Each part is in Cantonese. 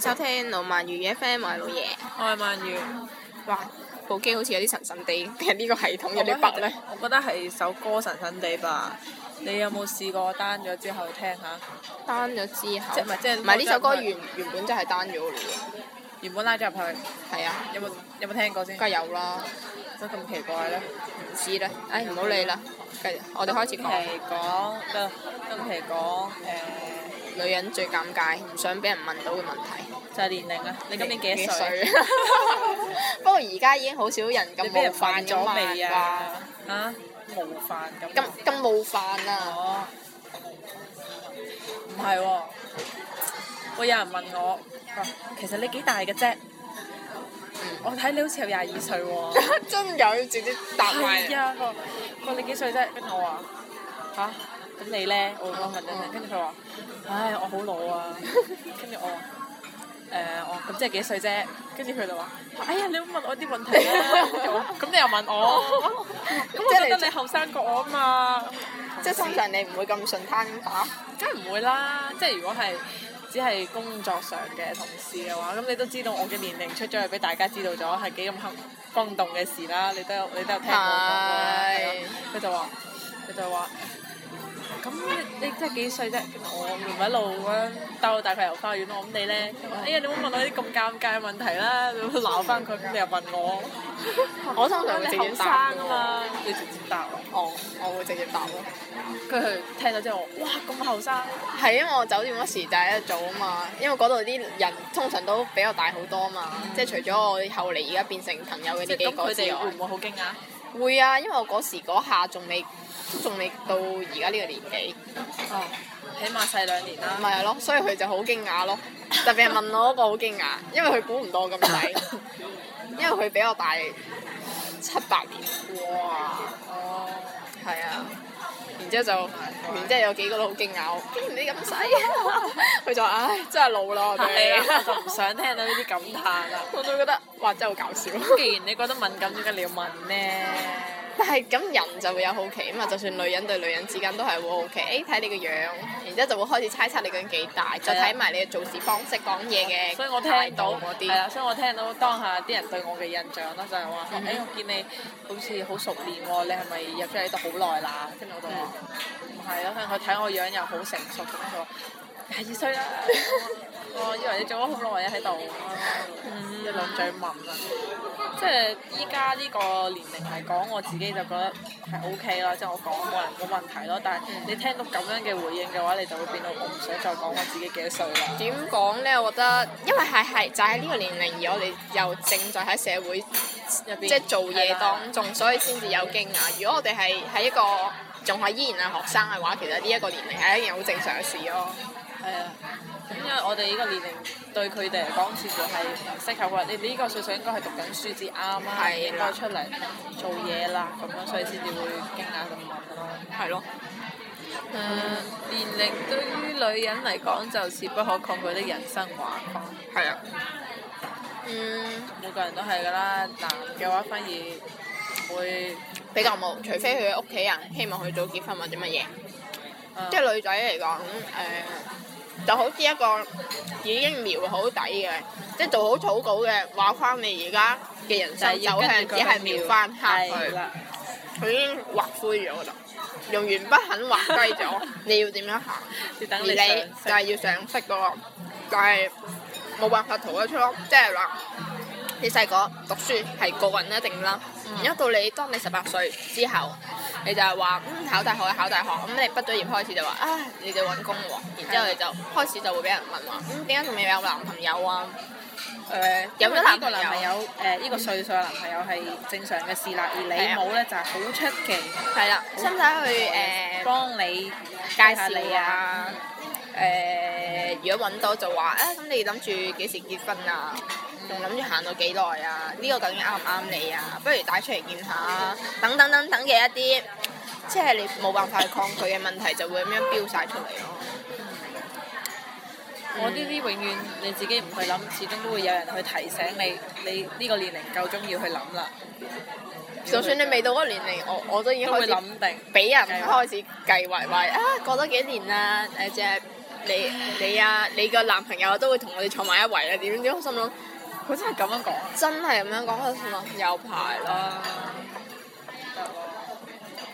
收聽曼如嘅 FM，我係老爺。我係曼如。Yeah. 魚。哇，部機好似有啲神神地，定係呢個系統有啲 bug 咧？我覺得係首歌神神地吧。你有冇試過 down 咗之後聽下？down 咗之後。即係唔係呢首歌原原本就係 down 咗嘅原本拉咗入去。係啊。有冇有冇聽過先？梗係有啦。點咁奇怪咧？唔知咧。哎，唔好、哎、理啦。繼續，我哋開始講。講，得今期講誒。女人最尷尬，唔想俾人問到嘅問題，就係年齡啊！你今年幾多歲？不過而家已經好少人咁俾人犯咗未啊？啊？冇犯咁咁冇犯啊？唔係喎，會、哦、有人問我、啊，其實你幾大嘅啫？嗯、我睇你好似有廿二歲喎、啊。 真有直接答你係啊，個你幾歲啫？邊個話？啊咁你咧，我講緊啫，跟住佢話，唉，我好老啊，跟住我，誒、呃，我、哦、咁即係幾歲啫？跟住佢就話，哎呀，你問我啲問題啦、啊，咁 你又問我，咁 我覺得你後生過我啊嘛。即係通常你唔會咁順攤咁打。梗係唔會啦，即係如果係只係工作上嘅同事嘅話，咁你都知道我嘅年齡出咗去俾大家知道咗，係幾咁轟轟動嘅事啦。你都有你都有聽過我講過佢對對就話，佢就話。咁你真係幾歲啫？我唔係一路咁樣兜大佢遊花園咯。我咁你咧？哎呀、欸，你唔好問我啲咁尷尬嘅問題啦。你鬧翻佢，你又問我，我、 啊、通常會直接答噶嘛。你直接答我，我、哦、我會直接答咯。佢聽到之後，哇！咁後生。係因為我酒店嗰時就係一早啊嘛，因為嗰度啲人通常都比較大好多啊嘛。嗯、即係除咗我後嚟，而家變成朋友嘅呢幾個之外，佢哋會唔會好驚訝？會啊，因為我嗰時嗰下仲未。都仲未到而家呢個年紀，哦，起碼細兩年啦。咪係咯，所以佢就好驚訝咯，特別係問我嗰個好驚訝， 因為佢估唔到我咁細，因為佢比我大七八年。哇！哦，係啊，然之後就，然之後就有幾個都好驚訝竟然你咁細、啊，佢 就唉，真係老咯，我哋 啊、我就唔想聽到呢啲感嘆啦。 我都覺得，哇！真係好搞笑。 既然你覺得敏感，點解你要問呢？但係咁人就會有好奇嘛，咁啊就算女人對女人之間都係會好奇，誒、欸、睇你個樣，然之後就會開始猜測你究竟幾大，再睇埋你嘅做事方式講嘢嘅，所以我聽到係啦，所以我聽到當下啲人對我嘅印象啦，就係、是、話，誒、哎、我見你好似好熟練喎，你係咪入咗喺度好耐啦？跟住我就話唔係啊，因為佢睇我樣又好成熟咁，我廿二歲啦， 我以為你做咗好耐嘢喺度，一兩嘴問啦。即係依家呢個年齡嚟講，我自己就覺得係 OK 啦，即係我講冇人冇問題咯。但係你聽到咁樣嘅回應嘅話，你就會變到我唔想再講我自己幾多歲啦。點講呢？我覺得因為係係就喺、是、呢個年齡，而我哋又正在喺社會入邊即係做嘢當中，的所以先至有驚訝。如果我哋係喺一個仲係依然係學生嘅話，其實呢一個年齡係一件好正常嘅事咯、啊。係啊，咁因為我哋呢個年齡對佢哋嚟講，似乎係適合嘅。你你呢個歲數應該係讀緊書至啱啊，應該的出嚟做嘢啦，咁樣所以先至會驚下咁問嘅咯。係咯的。誒、嗯，年齡對於女人嚟講，就是不可抗拒的人生畫框。係啊的。嗯。每個人都係㗎啦，男嘅話反而會比較冇，除非佢屋企人希望佢早結婚或者乜嘢。嗯、即係女仔嚟講，誒、嗯。嗯呃就好似一個已經描好底嘅，即係做好草稿嘅畫框。你而家嘅人生走向只係描翻下去，佢已經畫灰咗啦。用鉛筆肯畫低咗， 你要點樣行？而你就係要上色嘅咯，就係冇辦法逃得出咯。即係話你細個讀書係過人一定啦。而家、嗯、到你，當你十八歲之後，你就係話，嗯，考大學，考大學。咁你畢咗業開始就話，啊，你哋揾工喎。然之後你就的開始就會俾人問話，咁點解仲未有男朋友啊？誒、呃，有呢個男朋友，誒、呃，呢、呢個歲數嘅男朋友係正常嘅事啦。嗯、而你冇咧就係、係、好出奇。係啦。使唔使去誒、呃、幫你介紹啊，你啊？誒、呃，如果揾到就話，啊、欸，咁你諗住幾時結婚啊？仲諗住行到幾耐啊？呢、這個究竟啱唔啱你啊？不如帶出嚟見下等等等等嘅一啲，即係你冇辦法抗拒嘅問題，就會咁樣標晒出嚟咯、啊。 嗯、我呢啲永遠你自己唔去諗，始終都會有人去提醒你。你呢個年齡夠鐘要去諗啦。就算你未到嗰個年齡，我我都已經開始諗定，俾人開始計劃埋啊過多幾年啊誒只你你啊你個男朋友都會同我哋坐埋一圍啊點點心諗？佢真係咁樣講？真係咁樣講好算嘛？有排啦。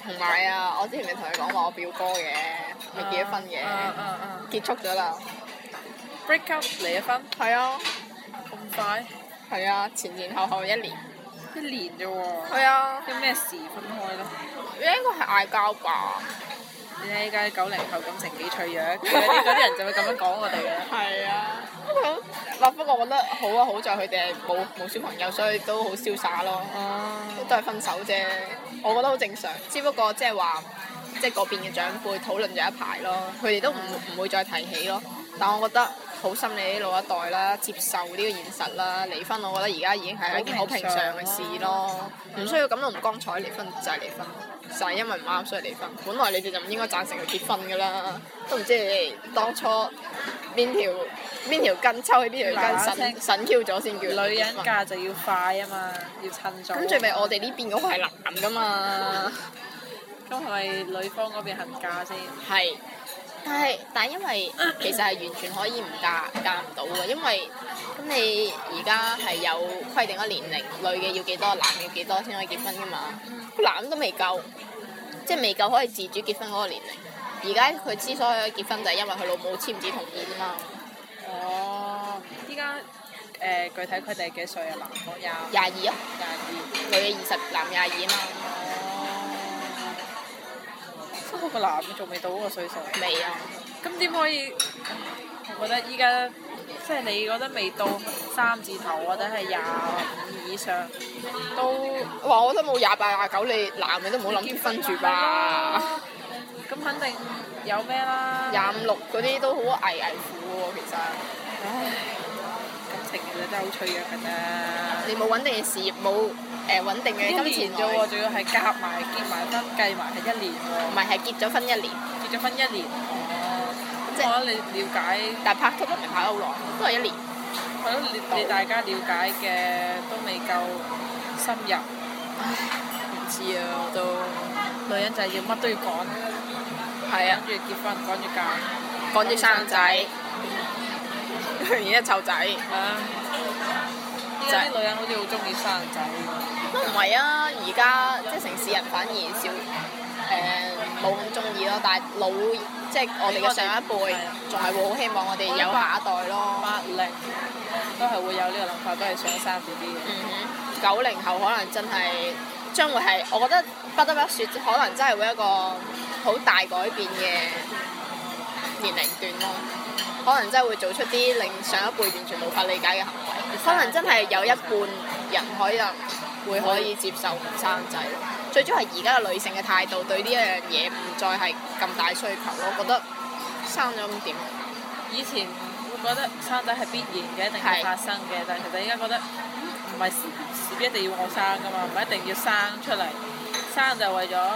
同埋啊，我之前咪同你講話我表哥嘅，未結咗婚嘅，uh, uh, uh, uh. 結束咗啦。Break up，離咗婚？係啊。咁快？係啊，前前後後一年，一年啫喎。係啊。有咩事分開咧？應該係嗌交吧。你睇依家九零後感情幾脆弱，啲嗰啲人就會咁樣講我哋啦。係啊。咁，嗱、okay. well，不過我覺得好啊，好在佢哋冇冇小朋友，所以都好瀟灑咯，mm hmm. 都係分手啫，我覺得好正常。只不過即係話，即係嗰邊嘅長輩討論咗一排咯，佢哋都唔唔會再提起咯。但我覺得。好心理啲老一代啦，接受呢個現實啦，離婚我覺得而家已經係一件好平常嘅事咯，唔、嗯啊、需要感到唔光彩，離婚就係離婚，就係、嗯、因為唔啱所以離婚。本來你哋就唔應該贊成佢結婚噶啦，都唔知你哋當初邊條邊條筋抽起邊條筋腎腎咗先叫，叫。女人嫁就要快啊嘛，要趁早。咁最尾我哋呢邊嗰個係男噶嘛，咁係咪女方嗰邊行嫁先？係。但係，但係因為其實係完全可以唔嫁嫁唔到嘅。因為咁你而家係有規定嘅年齡，女嘅要幾多，男嘅要幾多先可以結婚㗎嘛？男都未夠，即係未夠可以自主結婚嗰個年齡。而家佢之所以可以結婚，就係因為佢老母簽字同意吖嘛。哦、oh,，依家誒具體佢哋幾歲啊？20，男方廿廿二啊，女嘅二十，男廿二嘛？不過個男嘅仲未到嗰個歲數，未啊！咁點可以？我覺得依家即係你覺得未到三字頭或者，我覺得係廿五以上都。哇，我覺得冇廿八廿九，你男人都唔好諗住分住吧。咁肯定有咩啦？廿五六嗰啲都好危危苦喎，其實。唉。真係好脆弱㗎啫！你冇穩定嘅事業，冇誒、呃、穩定嘅金錢啫喎，仲要係夾埋結埋分計埋係一年喎，唔係係結咗婚一,一年，結咗婚一,一,一,一年。哦，咁即係我覺得你瞭解，但係拍拖都唔係拍好耐，都係一年。係咯、啊，你你大家瞭解嘅都未夠深入，唉，唔知啊，我都女人就係要乜都要講，係啊，跟住結婚趕住嫁，趕住生仔。而家湊仔，係啊！而家啲女人好似好中意生仔嘛，都唔係啊！而家即係城市人反而少誒，冇咁中意咯。但係老即係、就是、我哋嘅上一輩，仲係們會好希望我哋有下一代咯。八零、嗯、都係會有呢個諗法，都係想生少啲。嗯九零後可能真係將會係，我覺得不得不説，可能真係會一個好大改變嘅年齡段咯。可能真係會做出啲令上一輩完全無法理解嘅行為。可能真係有一半人可能會可以接受唔生仔。最終係而家嘅女性嘅態度對呢一樣嘢唔再係咁大需求咯。我覺得生咗咁點？以前會覺得生仔係必然嘅，一定係發生嘅。是但係其實而家覺得唔係，唔係事必一定要我生㗎嘛，唔係一定要生出嚟。生就係為咗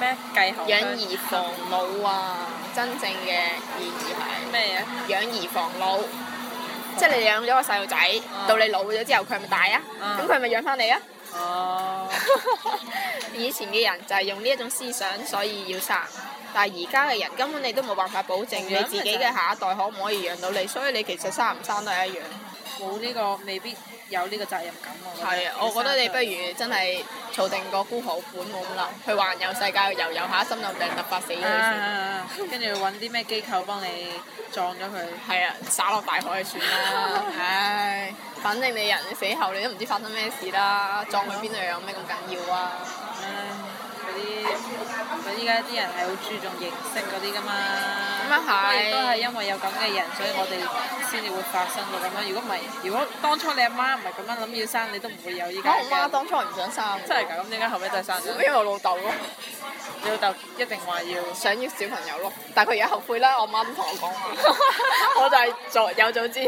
咩繼後？養兒防老啊！真正嘅意義係咩嘢？養兒防老，嗯、即係你養咗個細路仔，嗯、到你老咗之後，佢係咪大啊？咁佢係咪養翻你啊？哦、嗯！ 以前嘅人就係用呢一種思想，所以要生。但係而家嘅人根本你都冇辦法保證你自己嘅下一代可唔可以養到你，所以你其實生唔生都係一樣。冇呢、呢個未必有呢個責任感咯。啊的，我覺得你不如真係儲定個富豪款咁啦，去環遊世界遊遊下心病立，心有掟突發死咗先。跟住揾啲咩機構幫你撞咗佢。係啊，撒落大海算啦。唉、 哎，反正你人死後你都唔知發生咩事啦，撞去邊度有咩咁緊要啊？唉、嗯，嗰啲、哎。依家啲人係好注重形式嗰啲噶嘛，咁啊係，都係因為有咁嘅人，所以我哋先至會發生到咁樣。如果唔係，如果當初你阿媽唔係咁樣諗要生，你都唔會有依家。我阿媽當初唔想生。真係㗎？咁點解後尾就生咗？因為我老豆咯，你老豆一定話要想要小朋友咯，但係佢而家後悔啦。我媽都同我講 我就係早有早知，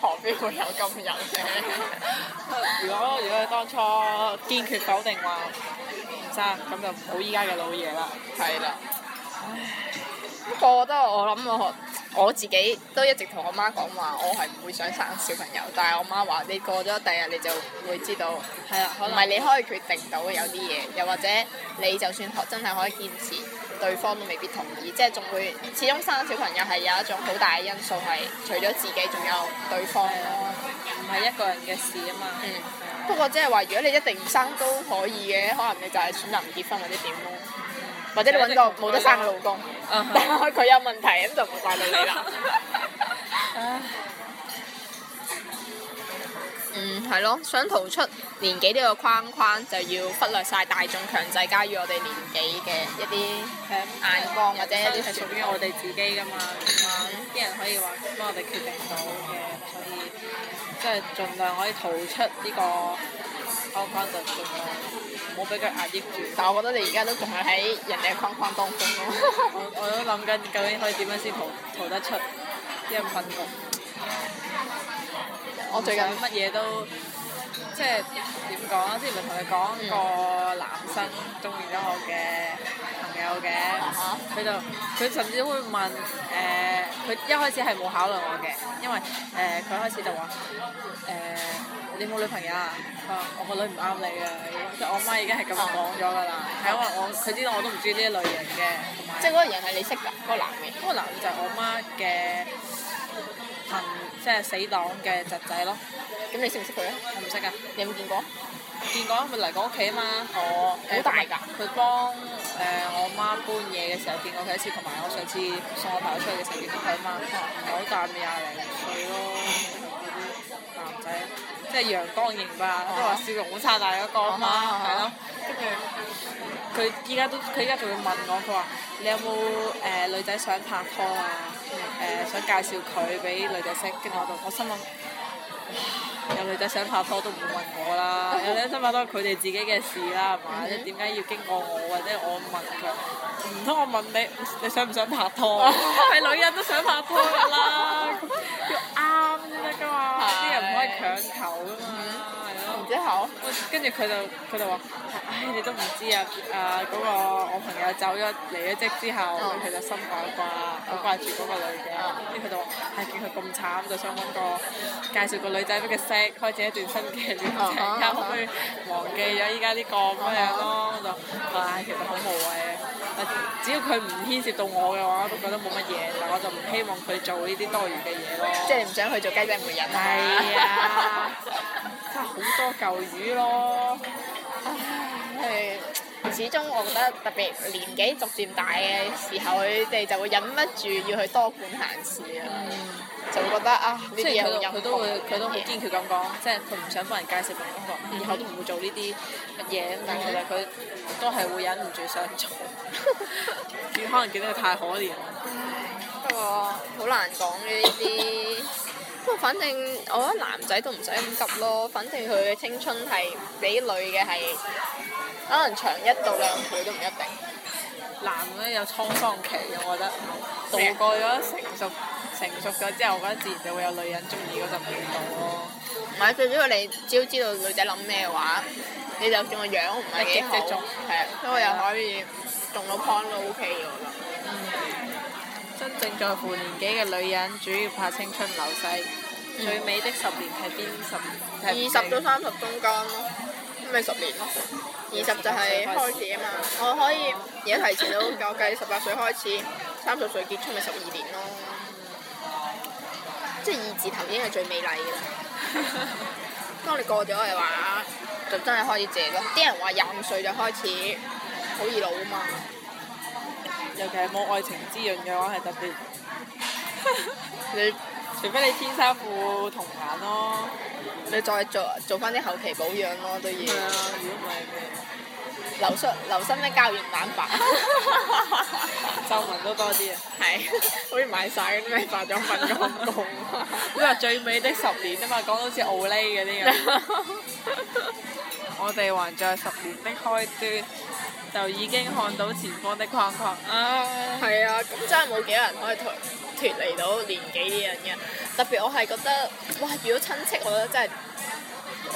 何必會有咁人嘅？ 如果如果當初堅決否定話、啊。生咁就唔好依家嘅老嘢啦，係啦的。不過唉，都我諗我我，我自己都一直同我媽講話，我係唔會想生小朋友。但係我媽話：你過咗第日你就會知道，可能係你可以決定到有啲嘢，又或者你就算學真係可以堅持，對方都未必同意。即係仲會，始終生小朋友係有一種好大嘅因素，係除咗自己，仲有對方，唔係一個人嘅事啊嘛。嗯不過，即係話，如果你一定唔生都可以嘅，可能你就係選擇唔結婚或者點咯，或者你揾個冇得生嘅老公，嗯、但係佢有問題咁 就唔怪到你啦。 嗯，係咯，想逃出年紀呢個框框，就要忽略晒大眾強制加於我哋年紀嘅一啲眼光，或者一啲係屬於我哋自己噶嘛。啲、嗯嗯、人可以話幫我哋決定到嘅，所以。即係盡量可以逃出呢、這個框框，就、oh, 盡量唔好俾佢壓抑住。但係我覺得你而家都仲係喺人哋嘅框框當中囉 我。我我都諗緊究竟可以點樣先逃逃得出呢個困局？我最近乜嘢都即係點講啊？之前咪同你講個男生中意咗我嘅。嗯有嘅，佢就佢甚至會問誒，佢、uh, 一開始係冇考慮我嘅，因為誒佢、呃、開始就話誒、uh, 你冇女朋友啊，佢話我個女唔啱你嘅，即係我媽已經係咁樣講咗㗎啦，係因為我佢、okay. 知道我都唔中意呢一類型嘅，即係嗰個人係你識㗎，嗰個男嘅，嗰個男嘅就係我媽嘅朋，即係死黨嘅侄仔咯。咁你識唔識佢啊？我唔識㗎，你有冇見過？見過，佢嚟過屋企啊嘛。我，好大㗎，佢幫。誒、呃，我媽搬嘢嘅時候見過佢一次，同埋我上次送我朋友出去嘅時候見到佢阿媽，好的的大唔廿零歲咯，男仔，即係陽光型吧，啊、都係話笑容好差大一，燦爛嗰個嘛，係、啊、咯，跟住佢依家都，佢依家仲會問我，佢話你有冇誒、呃、女仔想拍拖啊？誒、嗯呃、想介紹佢俾女仔識，跟住我就我心諗。 有女仔想拍拖都唔會問我啦， 有女仔想拍拖係佢哋自己嘅事啦，係嘛？即係點解要經過我？或者我問佢，唔通我問你你想唔想拍拖？係 女人都想拍拖㗎啦， 要啱先得㗎嘛，啲 人唔可以強求㗎嘛。 之後，嗯嗯、跟住佢就佢就話，唉，你都唔知啊！啊，嗰、那個我朋友走咗離咗職之後，佢就心掛掛，好掛住嗰個女嘅。跟住佢就話，唉、哎，見佢咁慘，就想揾個介紹個女仔俾佢識，開始一段新嘅戀情，然後可以忘記咗依家呢個咁樣咯。Okay. 我就唉、哎，其實好無謂。只要佢唔牽涉到我嘅話，都覺得冇乜嘢。但我就唔希望佢做呢啲多餘嘅嘢咯。即係唔想去做雞仔媒人啦。係啊。 好多舊魚咯，唉，始終我覺得特別年紀逐漸大嘅時候，佢哋就會忍唔住要去多管閒事啊，嗯、就會覺得啊，呢啲嘢唔入佢都會，佢都好堅決咁講，即係佢唔想幫人介紹份工作，嗯、以後都唔會做呢啲乜嘢。嗯、但係其實佢都係會忍唔住想做，只 可能見到太可憐啦。不過好難講呢啲。不過，反正我覺得男仔都唔使咁急咯。反正佢嘅青春係比女嘅係可能長一到兩倍都唔一定。男嘅有滄桑期嘅，我覺得度過咗成熟成熟咗之後，我覺得自然就會有女人中意嗰陣味道咯。唔係最主要，你只要你知道女仔諗咩嘅話，你就算個樣唔係幾正宗，係因為又可以中到 point 咯，O K 嘅，我覺得。正在乎年紀嘅女人，主要怕青春流逝。嗯、最美的十年係邊十年？二十到三十中間咯。咪十年咯。二十就係開始啊嘛！ 我可以而家提前都夠計十八歲開始，三十 歲結束咪十二年咯。即係二字頭已經係最美麗嘅啦。 當你過咗嘅話，就真係開始謝咯。啲人話廿五歲就開始好易老啊嘛。尤其係冇愛情滋潤嘅話，係特別。你除非你天生富童顏咯，你再做做翻啲後期保養咯，都要。係啊、嗯，如果唔係咩流失流心、啲膠原蛋白， 皺紋都多啲啊，係，好似買曬嗰啲咩化妝品咁講，都話最尾的十年啊嘛，講到似奧麗嗰啲咁。我哋還在十年的開端，就已經看到前方的框框啦。係啊，咁、啊、真係冇幾個人可以脫脫離到年紀呢樣嘢。特別我係覺得，哇！如果親戚，我覺得真係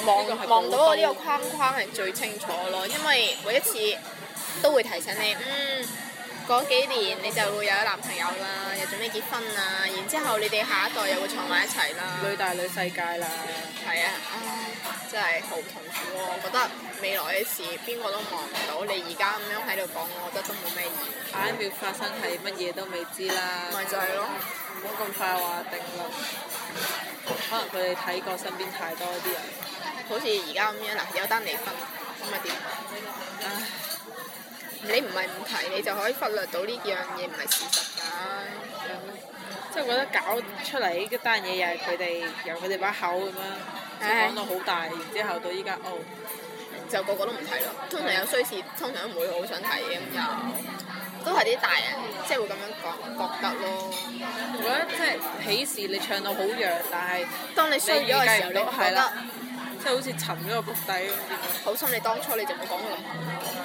望望到我呢個框框係最清楚咯，因為每一次都會提醒你。嗯過幾年你就會有男朋友啦，嗯、又準備結婚啦，然之後你哋下一代又會坐埋一齊啦，女大女世界啦。係啊，唉真係好痛苦。我覺得未來嘅事邊個都望唔到，你而家咁樣喺度講，我覺得都冇咩意義。下一秒發生係乜嘢都未知啦。咪 就係咯、啊，唔好咁快話定論。可能佢哋睇過身邊太多啲人，好似而家咁樣嗱、啊，有單離婚咁咪點？唉。 你唔係唔提，你就可以忽略到呢樣嘢唔係事實㗎。即係覺得搞出嚟呢單嘢又係佢哋由佢哋把口咁樣，即講到好大，然之後到依家哦，就個個都唔提咯。通常有衰事，通常唔會好想提嘅，咁又都係啲大人即係、就是、會咁樣講覺得咯。我覺得即係喜事你唱到好弱，但係當你衰咗嘅時候，你覺得，你覺得即係好似沉咗個谷底咁。好心你當初你就冇講個流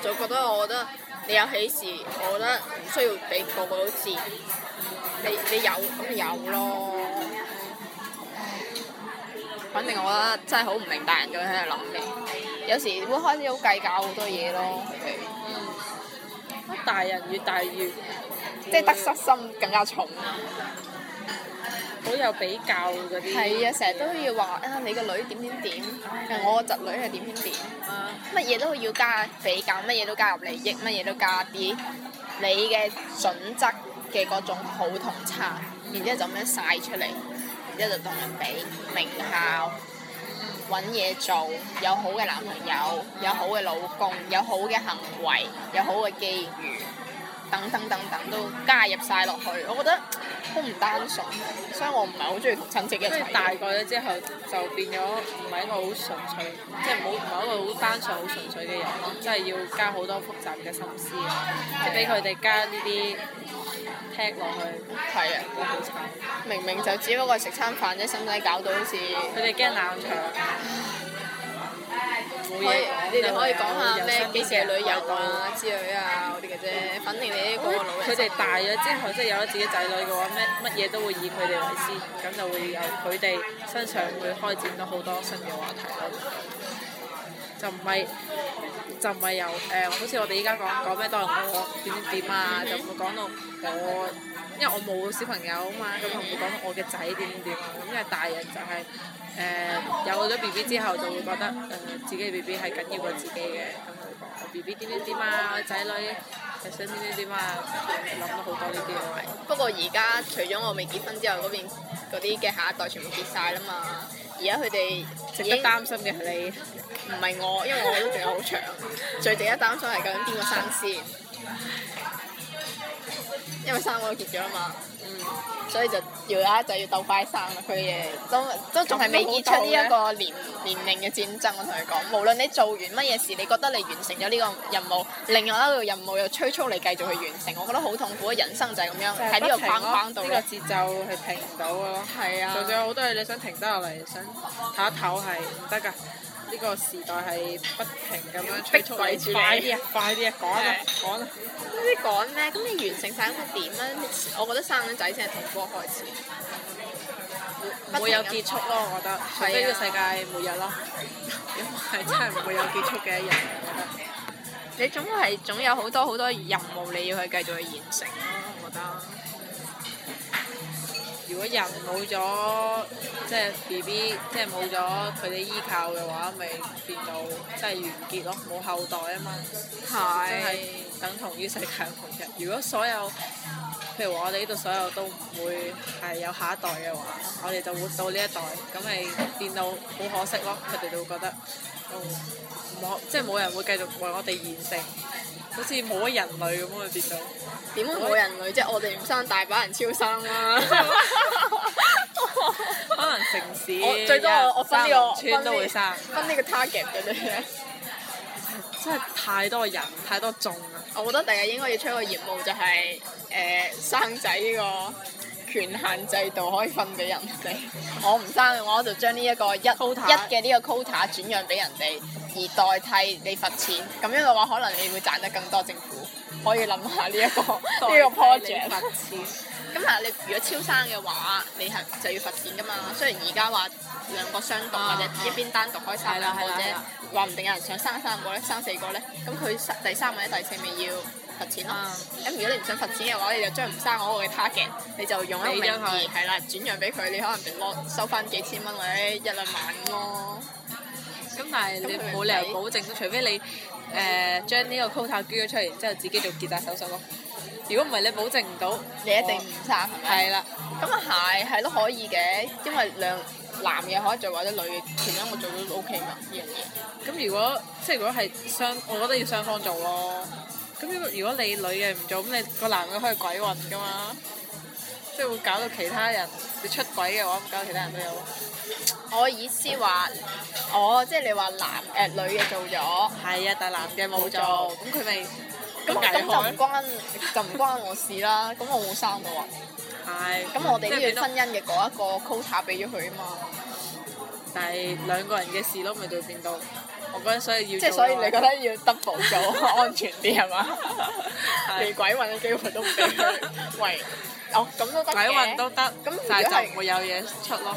我就覺得，我覺得你有喜事，我覺得唔需要俾個個都知。你你有咁咪有咯。反正我覺得真係好唔明白人咁喺度諗嘅。有時會開始好計較好多嘢咯，係。嗯。大人越大越，即係得失心更加重。都有比較嗰啲，係 啊！成日都要話啊，你個女點點點， 啊、我個侄女係點點點，乜嘢、啊、都要加比較，乜嘢都加入利益，乜嘢都加啲你嘅準則嘅嗰種好同差，然之後就咁樣晒出嚟，然之後就同人比名校，揾嘢做，有好嘅男朋友，有好嘅老公，有好嘅行為，有好嘅機遇。等等等等都加入晒落去，我覺得好唔單純，所以我唔係好中意同親戚一齊。大個咗之後就變咗唔係一個好純粹，即係唔好唔係一個好單純、好純粹嘅人咯，即係要加好多複雜嘅心思，即係俾佢哋加呢啲踢落去。係啊的，都好慘。明明就只不過食餐飯，啫，使唔使搞到好似？佢哋驚冷場。 可以，有你哋可以講下咩，幾時去旅遊啊之類啊嗰啲嘅啫。反正你，佢哋大咗之後，即係有咗自己仔女嘅話，咩乜嘢都會以佢哋為先，咁就會由佢哋身上會開展到好多新嘅話題咯。就唔係就唔係由誒，好似我哋依家講講咩當我點點點啊，mm hmm. 就唔會講到我。因為我冇小朋友啊嘛，咁同佢講我嘅仔點點點啊，咁因為大人就係、是、誒、呃、有咗 B B 之後就會覺得誒、呃、自己 B B 係緊要過自己嘅，咁我講我 B B 點點點啊，仔女又想點點點啊，諗到好多呢啲咯，係。不過而家除咗我未結婚之外，嗰邊嗰啲嘅下一代全部結晒啦嘛，而家佢哋值得擔心嘅係你，唔係我，因為我都仲有好長，最值得擔心係究竟邊個生先。因為三個都結咗啦嘛，嗯，所以就而家、啊、就要鬥快生啦。佢哋都都仲係未結束呢一個年年齡嘅戰爭。我同你講，無論你做完乜嘢事，你覺得你完成咗呢個任務，另外一個任務又催促，你繼續去完成。我覺得好痛苦，人生就係咁樣，喺呢個框框度，呢個節奏係停唔到嘅咯。係啊，最最好多嘢，你想停得落嚟，想唞一唞係唔得嘅。是呢個時代係不停咁樣催促快啲點啊， 啊！快啲啊！ 趕啦趕啦，咁你趕咩？咁你完成晒咁個點咧？我覺得生仔先係童科開始，唔會有結束咯。我覺得，除非呢個世界末日咯，是啊、因為真係唔會有結束嘅一日。我覺得， 你總係總有好多好多任務你要去繼續去完成咯，我覺得。如果人冇咗，即係 BB，即係冇咗佢哋依靠嘅話，咪變到即係完結咯，冇後代啊嘛，係是等同於世界末日。如果所有譬如話我哋呢度所有都唔會係有下一代嘅話，我哋就活到呢一代，咁咪變到好可惜咯。佢哋都會覺得，唔、嗯、可即係冇人會繼續為我哋完成。好似冇咗人類咁啊！變到點會冇人類？即係 我哋唔生大把人超生啦！可能城市， 最多我生我分呢、這個村都會生，分呢、這個 target 嗰啲咧， 真係太多人太多種啊！我覺得第日應該要出個業務就係、是、誒、呃、生仔呢、這個。權限制度可以分俾人哋， 我唔生嘅話，我就將呢一個一 一嘅呢個 quota 轉讓俾人哋，而代替你罰錢。咁樣嘅話，可能你會賺得更多。政府可以諗下呢一個呢個 project。 罰錢。咁但係你如果超生嘅話，你係就要罰錢㗎嘛。雖然而家話兩個雙獨、啊、或者一邊單獨可以生或者啫，話唔定有人想生三個咧，生四個咧，咁佢第三位第四位要。罰錢啦，咁、啊、如果你唔想罰錢嘅話，你就將唔生我個嘅 target，你就用一名義啦、就是、轉讓俾佢，你可能就攞收翻幾千蚊或者一兩萬咯、哦。咁但係你冇理由保證，除非你誒、呃、將呢個 quota 捐咗出嚟然之後，自己做結紮手術咯。如果唔係，你保證唔到，你一定唔生係咪？啦吧，咁啊係，係、嗯、都可以嘅，因為兩男嘅可以做或者女嘅其中我做都 OK 嘛。呢樣嘢。咁、嗯嗯、如果即係如果係雙，我覺得要雙方做咯。咁如果你女嘅唔做，咁你個男嘅可以鬼混噶嘛？即係會搞到其他人，你出軌嘅話，咁搞到其他人都有。我意思話，哦，即係你話男誒、呃、女嘅做咗，係啊，但男嘅冇做，咁佢咪咁咁就唔、是、我關 就唔關我事啦。咁 我冇生到啊。係、哎。咁、嗯、我哋呢段婚姻嘅嗰一個 quota 俾咗佢啊嘛。係、嗯嗯、兩個人嘅事咯，咪就變到。我覺得所以要即係，所以你覺得要 double 做安全啲係嘛？俾 鬼運嘅機會都唔俾佢喂， 哦咁都得？鬼運都得，但係就唔會有嘢出咯。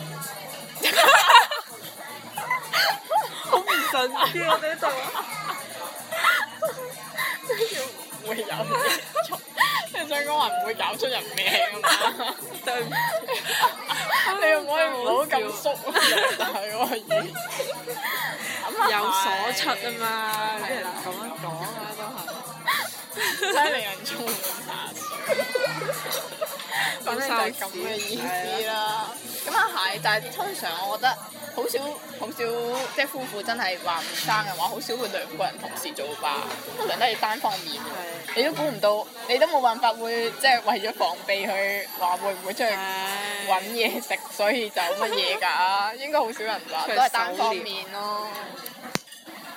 好唔順啲我哋呢度，真係唔會有嘢出。相公還唔會搞出人命啊嘛！ 不起 你可唔可以唔好咁縮啊？係我意思，有所出啊嘛！係啦，咁樣講啊都係， 真係令人充滿遐想。咁你就係咁嘅意思啦。咁啊係，但係通常我覺得好少，好少即係夫婦真係話唔生嘅話，好少會兩個人同時做吧，通常都係單方面。你都估唔到，你都冇辦法會即係為咗防備佢話會唔會出去揾嘢食，所以就乜嘢㗎？應該好少人話，都係單方面咯。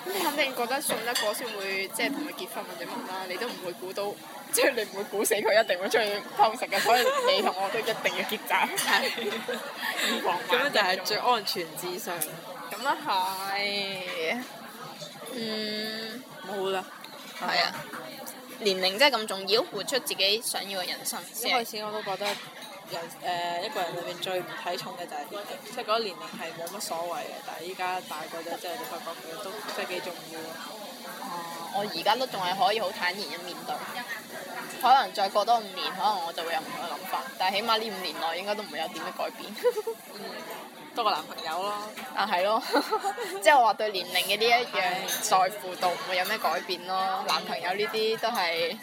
你肯定覺得信得過先會即係同佢結婚或者乜啦，你都唔會估到，即係你唔會估死佢一定會出去偷食嘅，所以你同我都一定要結紮。係，咁樣就係最安全之上，嗯。咁啊係，嗯，冇啦，係啊。年齡真係咁重要，活出自己想要嘅人生。一開始我都覺得人誒、呃、一個人裏面最唔睇重嘅就係年齡， 即係覺得年齡係冇乜所謂嘅。但係依家大個咗之後，就發覺佢都真係幾重要。哦、嗯，我而家都仲係可以好坦然咁面對。可能再過多五年，可能我就會有唔同嘅諗法。但係起碼呢五年內，應該都唔會有點嘅改變。 嗯多個男朋友咯，啊係咯，即係我話對年齡嘅呢一樣在乎度唔會有咩改變咯。男朋友呢啲都係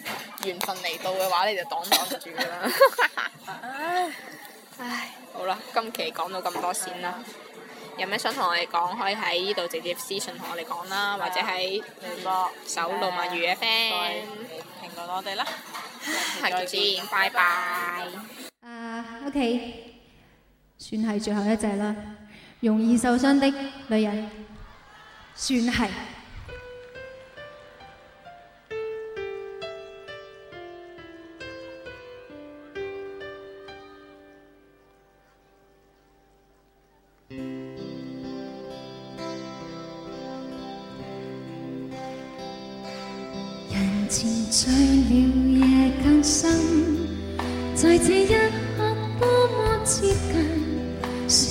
緣分嚟到嘅話，你就擋擋唔住噶啦。 唉，好啦，今期講到咁多先啦。嗯、有咩想同我哋講，可以喺呢度直接私信同我哋講啦，或者喺微博搜糯文遇嘅 friend 評論我哋啦。再見， 拜拜。啊、uh,，OK。算係最後一隻啦，容易受傷的女人，算係。人漸醉了，夜更深，在這一。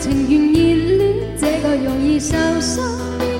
情願熱戀，這個容易受傷。